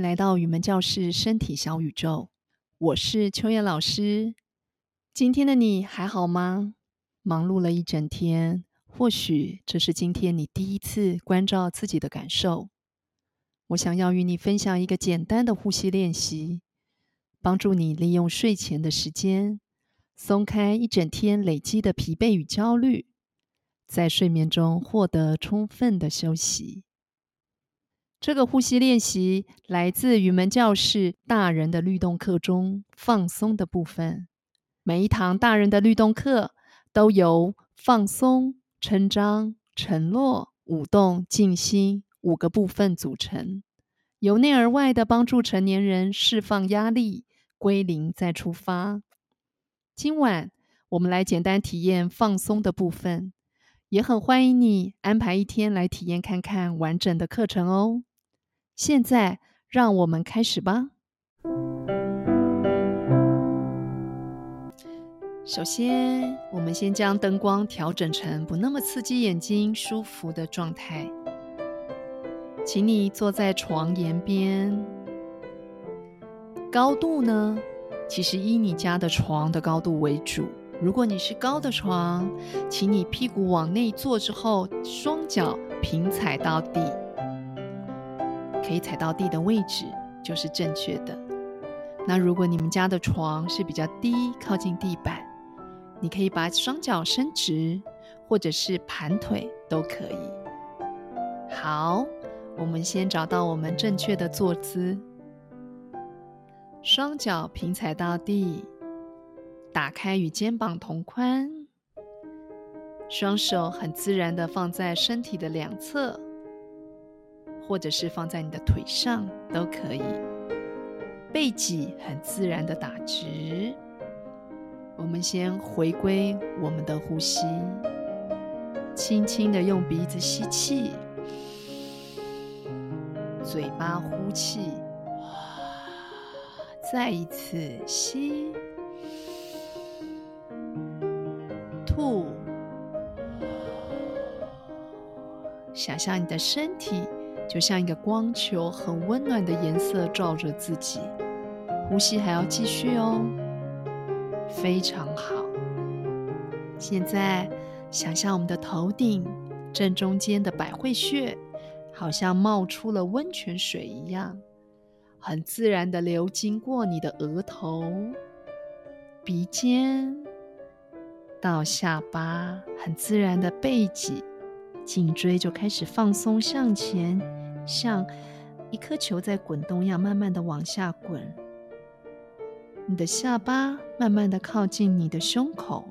來到雲門教室，身體小宇宙，我是秋葉老師。今天的你還好嗎？忙碌了一整天，或許這是今天你第一次關照自己的感受。我想要與你分享一個簡單的呼吸練習，幫助你利用睡前的時間，鬆開一整天累積的疲憊與焦慮，在睡眠中獲得充分的休息。這個呼吸練習來自雲門教室大人的律動課中放鬆的部分。每一堂大人的律動課都由放鬆、伸張、沉落、舞動、靜息五個部分組成，由內而外的幫助成年人釋放壓力，歸零再出發。今晚我們來簡單體驗放鬆的部分，也很歡迎你安排一天來體驗看看完整的課程哦。現在讓我們開始吧。首先，我們先將燈光調整成不那麼刺激眼睛、舒服的狀態。請你坐在床沿邊。高度呢，其實以你家的床的高度為主。如果你是高的床，請你屁股往內坐之後，雙腳平踩到底。可以踩到地的位置就是正確的。那如果你們家的床是比較低，靠近地板，你可以把雙腳伸直，或者是盤腿都可以。好，我們先找到我們正確的坐姿，雙腳平踩到地，打開與肩膀同寬，雙手很自然的放在身體的兩側。或者是放在你的腿上都可以，背脊很自然的打直。我們先回歸我們的呼吸，輕輕的用鼻子吸氣，嘴巴呼氣，再一次吸，吐，想象你的身體。就像一個光球，很溫暖的顏色照着自己，呼吸還要繼續哦，非常好。現在，想象我們的頭頂正中間的百會穴，好像冒出了溫泉水一樣，很自然的流經過你的額頭、鼻尖到下巴，很自然的背脊、頸椎就開始放鬆向前。像一顆球在滾動一樣，慢慢的往下滾。你的下巴慢慢的靠近你的胸口，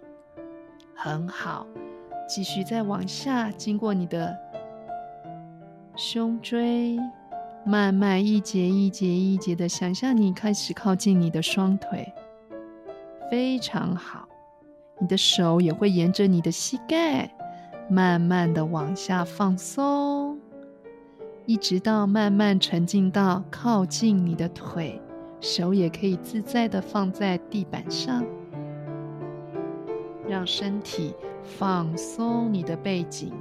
很好。繼續再往下，經過你的胸椎，慢慢一節一節一節的，想象你開始靠近你的雙腿，非常好。你的手也會沿着你的膝蓋，慢慢的往下放鬆。一直到慢慢沉浸到靠近你的腿，手也可以自在的放在地板上，讓身體放鬆。你的背脊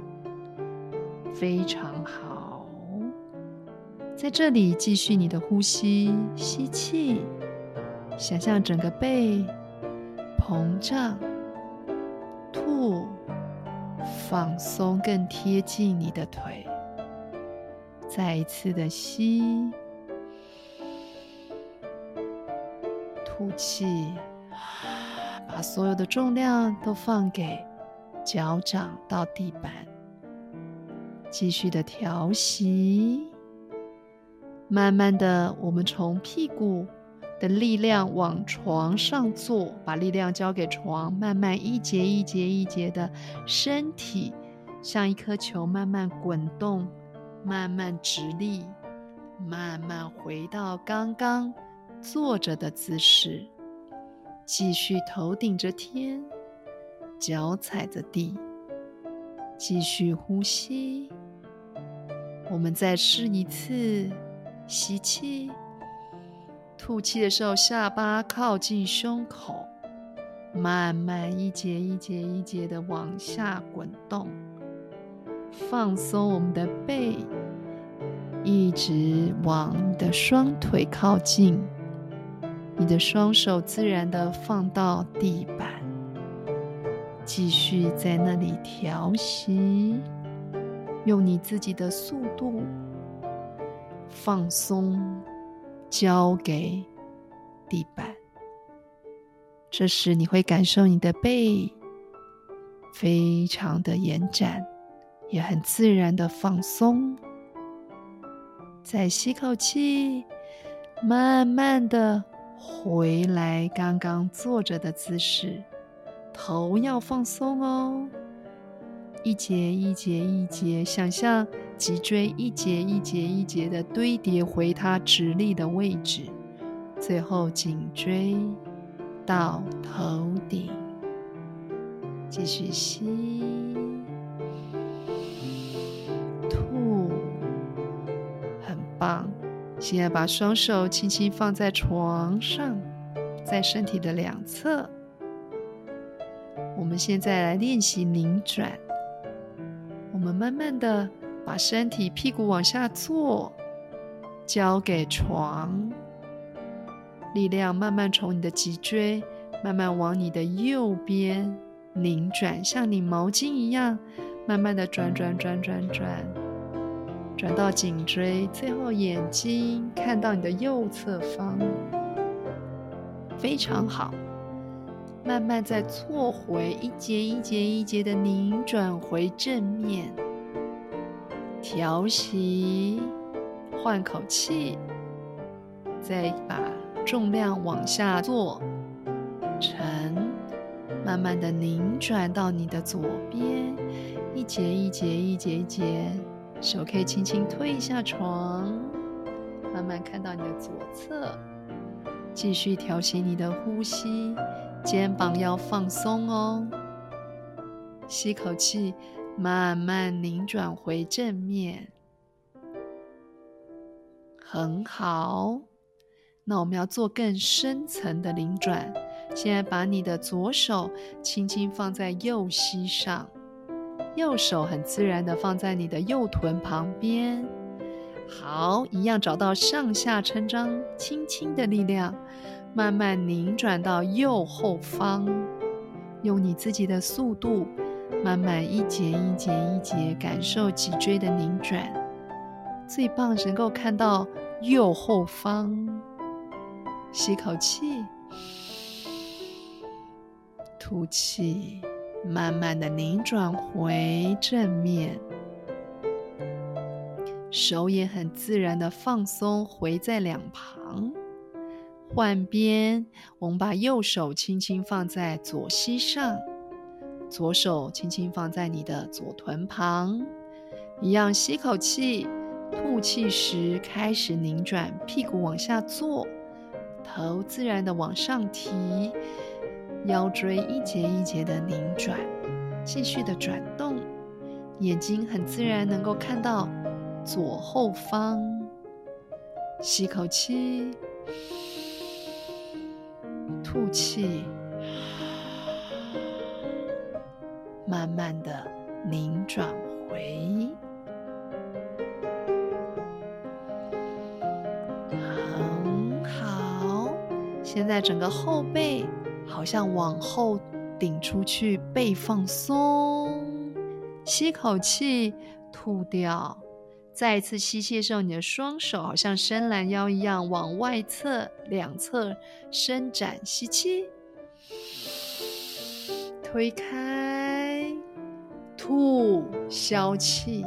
非常好，在這裡繼續你的呼吸，吸氣，想象整個背膨脹，吐，放鬆，更貼近你的腿。再一次的吸，吐氣，把所有的重量都放給腳掌到地板，繼續的調息。慢慢的，我們從屁股的力量往床上坐，把力量交給床，慢慢一節一節一節的身體，像一顆球慢慢滾動。慢慢直立，慢慢回到剛剛坐着的姿勢，繼續頭頂着天，腳踩着地，繼續呼吸。我們再試一次，吸氣，吐氣的時候下巴靠近胸口，慢慢一節一節一節的往下滾動。放鬆我們的背，一直往你的雙腿靠近，你的雙手自然的放到地板，繼續在那裡調息，用你自己的速度放鬆，交給地板。這時你會感受你的背非常的延展。也很自然的放鬆，再吸口氣，慢慢的回來剛剛坐着的姿勢，頭要放鬆哦，一節一節一節，想象脊椎一節一節一節的堆疊回它直立的位置，最後頸椎到頭頂，繼續吸。現在把雙手輕輕放在床上，在身體的兩側。我們現在來練習擰轉。我們慢慢的把身體屁股往下坐，交給床。力量慢慢從你的脊椎慢慢往你的右邊擰轉，像擰毛巾一樣，慢慢的轉轉轉轉轉。轉到頸椎，最後眼睛看到你的右側方，非常好。慢慢再錯回，一節一節一節的擰轉回正面，調息，換口氣，再把重量往下坐，沉，慢慢的擰轉到你的左邊，一節一節一節一節，一節。手可以輕輕推一下床，慢慢看到你的左側，繼續調起你的呼吸，肩膀要放鬆哦。吸口氣，慢慢擰轉回正面。很好，那我們要做更深層的擰轉，現在把你的左手輕輕放在右膝上。右手很自然地放在你的右臀旁邊，好，一樣找到上下撐張，輕輕的力量，慢慢擰轉到右後方，用你自己的速度，慢慢一節一節一節感受脊椎的擰轉，最棒是，能夠看到右後方，吸口氣，吐氣。慢慢的擰轉回正面，手也很自然的放鬆回在兩旁。換邊，我們把右手輕輕放在左膝上，左手輕輕放在你的左臀旁。一樣，吸口氣，吐氣時開始擰轉，屁股往下坐，頭自然的往上提。腰椎一節一節的擰轉，繼續的轉動，眼睛很自然能夠看到左後方。吸口氣，吐氣，慢慢的擰轉回。很好，好，現在整個後背。好像往後頂出去，背放鬆，吸口氣，吐掉。再一次吸氣的時候，你的雙手好像伸懶腰一樣，往外側兩側伸展。吸氣，推開，吐，消氣，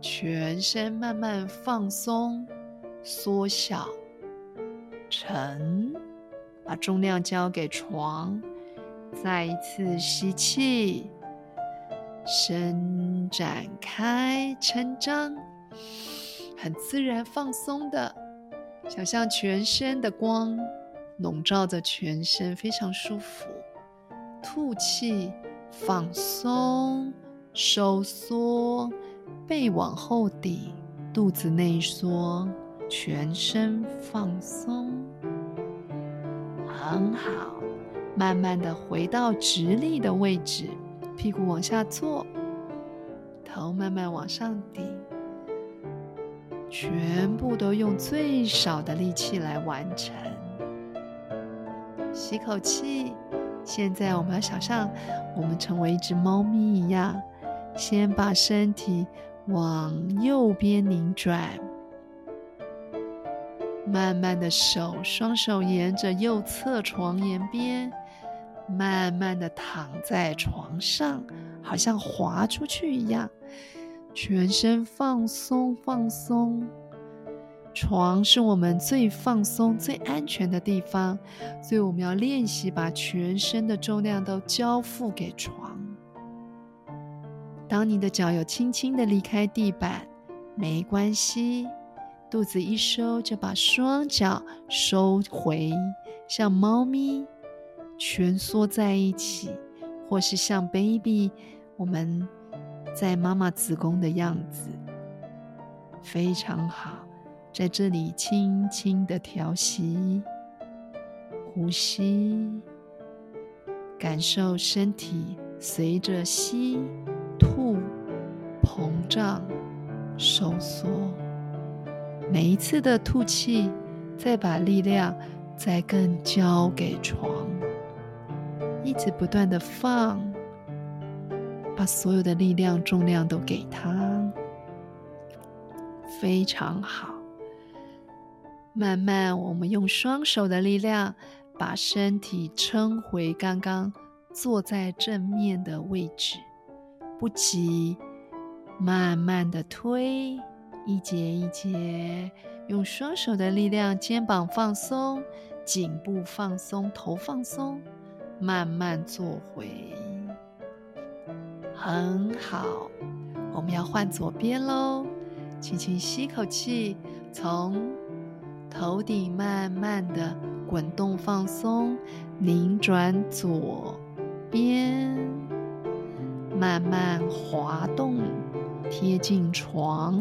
全身慢慢放鬆，縮小，沉。把重量交給床，再一次吸氣，伸展開、伸張，很自然放鬆的，想象全身的光籠罩着全身，非常舒服。吐氣，放鬆，收縮，背往後頂，肚子內縮，全身放鬆。很好，慢慢的回到直立的位置，屁股往下坐，頭慢慢往上頂，全部都用最少的力氣來完成。吸口氣，現在我們要想象我們成為一隻貓咪一樣，先把身體往右邊擰轉。慢慢的，手雙手沿着右側床沿邊，慢慢的躺在床上，好像滑出去一樣，全身放鬆放鬆。床是我們最放鬆、最安全的地方，所以我們要練習把全身的重量都交付給床。當你的腳有輕輕的離開地板，沒關係。肚子一收，就把雙腳收回，像貓咪蜷縮，縮在一起，或是像 baby，我們在媽媽子宮的樣子，非常好。在這裡輕輕的調息，呼吸，感受身體隨着吸、吐、膨脹、收縮。每一次的吐氣，再把力量再更交給床，一直不斷的放，把所有的力量重量都給他，非常好。慢慢，我們用雙手的力量把身體撐回剛剛坐在正面的位置，不急，慢慢的推。一節一節，用雙手的力量，肩膀放鬆，頸部放鬆，頭放鬆，慢慢坐回。很好，我們要換左邊嘍。輕輕吸口氣，從頭頂慢慢地滾動放鬆，擰轉左邊，慢慢滑動，貼近床。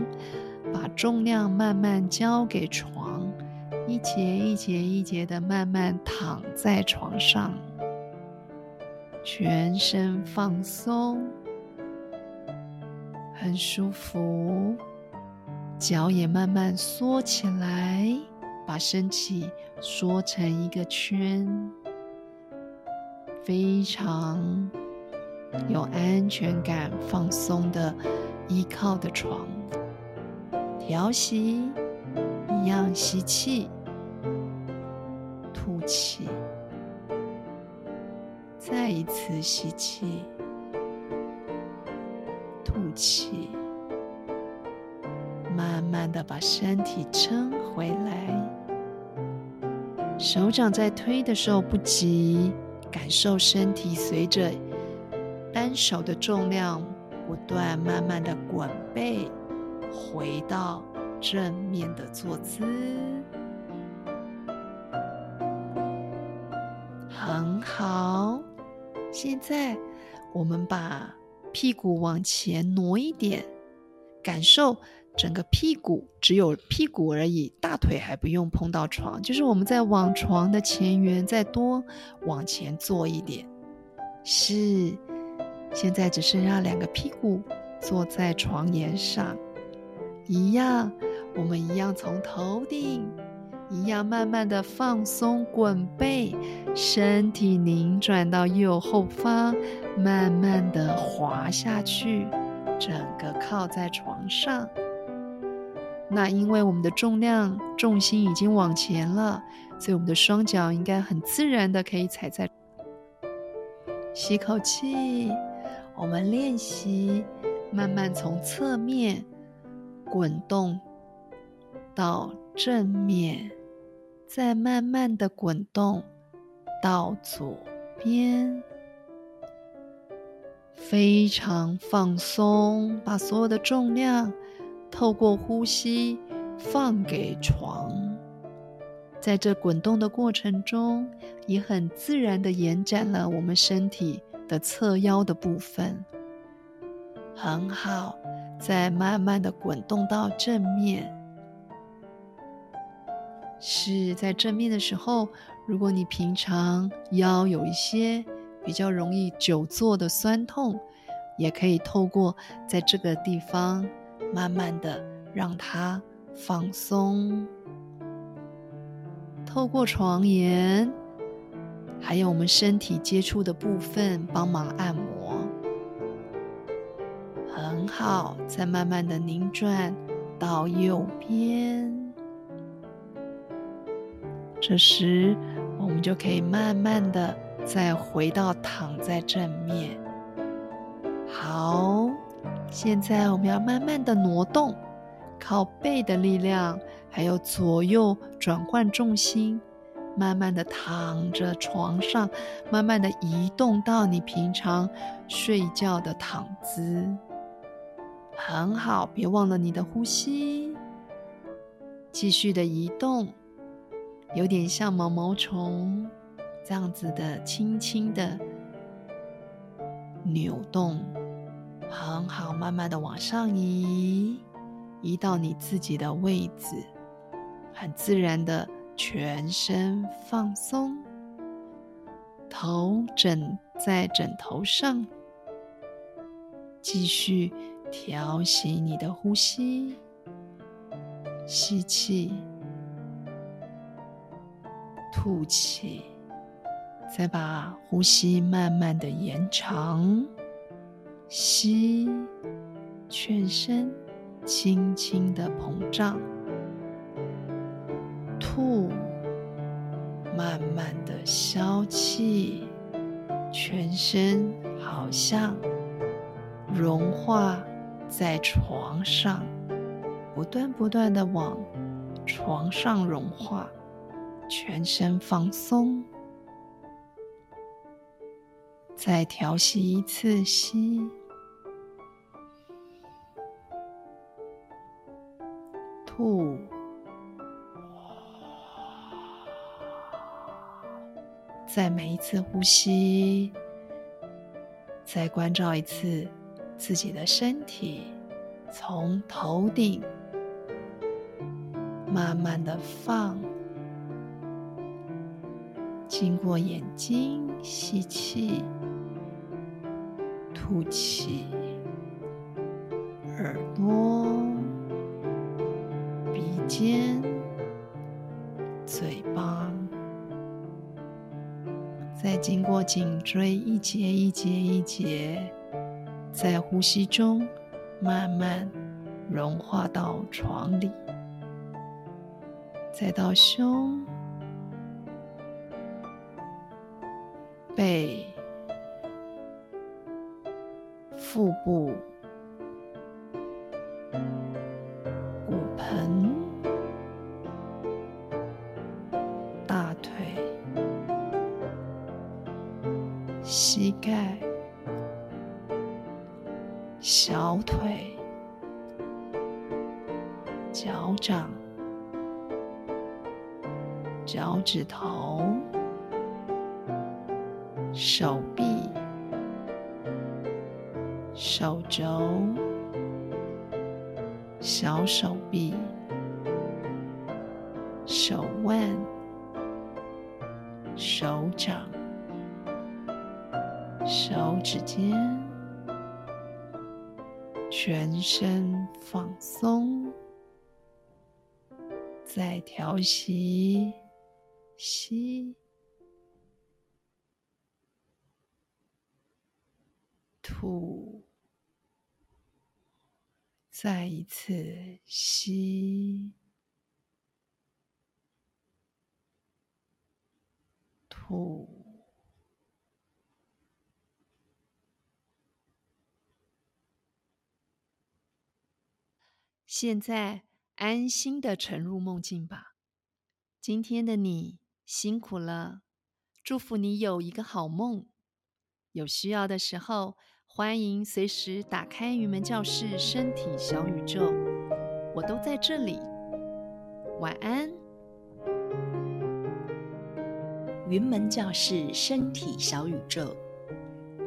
把重量慢慢交給床，一節一節一節的慢慢躺在床上，全身放鬆，很舒服，腳也慢慢縮起來，把身體縮成一個圈，非常有安全感，放鬆的依靠的床。調息，一樣吸氣，吐氣，再一次吸氣，吐氣，慢慢的把身體撐回來，手掌在推的時候不急，感受身體隨着單手的重量不斷慢慢的滾背。回到正面的坐姿，很好。現在我們把屁股往前挪一點，感受整個屁股，只有屁股而已，大腿還不用碰到床。就是我們再往床的前緣再多往前坐一點，是。現在只剩下兩個屁股坐在床沿上。一樣，我們一樣從頭頂，一樣慢慢的放鬆滾背，身體擰轉到右後方，慢慢的滑下去，整個靠在床上。那因為我們的重量重心已經往前了，所以我們的雙腳應該很自然的可以踩在。吸口氣，我們練習，慢慢從側面。滾動到正面，再慢慢的滾動到左邊，非常放鬆，把所有的重量透過呼吸放給床。在這滾動的過程中，也很自然的延展了我們身體的側腰的部分，很好。再慢慢的滾動到正面，是在正面的時候，如果你平常腰有一些比較容易久坐的痠痛，也可以透過在這個地方慢慢的讓它放鬆，透過床沿，還有我們身體接觸的部分，幫忙按摩。好，再慢慢的擰轉到右邊。這時，我們就可以慢慢的再回到躺在正面。好，現在我們要慢慢的挪動，靠背的力量，還有左右轉換重心，慢慢的躺着床上，慢慢的移動到你平常睡覺的躺姿。很好，別忘了你的呼吸，繼續的移動，有點像毛毛蟲這樣子的，輕輕的扭動。很好，慢慢的往上移，移到你自己的位置，很自然的全身放鬆，頭枕在枕頭上，繼續。調息，你的呼吸，吸氣，吐氣，再把呼吸慢慢的延長，吸，全身輕輕的膨脹，吐，慢慢的消氣，全身好像融化。在床上，不斷不斷的往床上融化，全身放鬆。再調息一次，吸，吐。再每一次呼吸，再關照一次。自己的身體，從頭頂慢慢的放，經過眼睛，吸氣，吐氣，耳朵，鼻尖，嘴巴，再經過頸椎一節一節一節。在呼吸中，慢慢融化到床裡，再到胸、背、腹部。指頭、手臂、手肘、小手臂、手腕、手掌、手指尖，全身放鬆，再調息。吸，吐，再一次吸，吐。現在安心的沉入夢境吧。今天的你，辛苦了，祝福你有一個好夢。有需要的時候，歡迎隨時打開雲門教室身體小宇宙。我都在這裡。晚安。雲門教室身體小宇宙，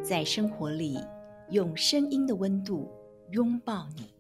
在生活裡用聲音的溫度擁抱你。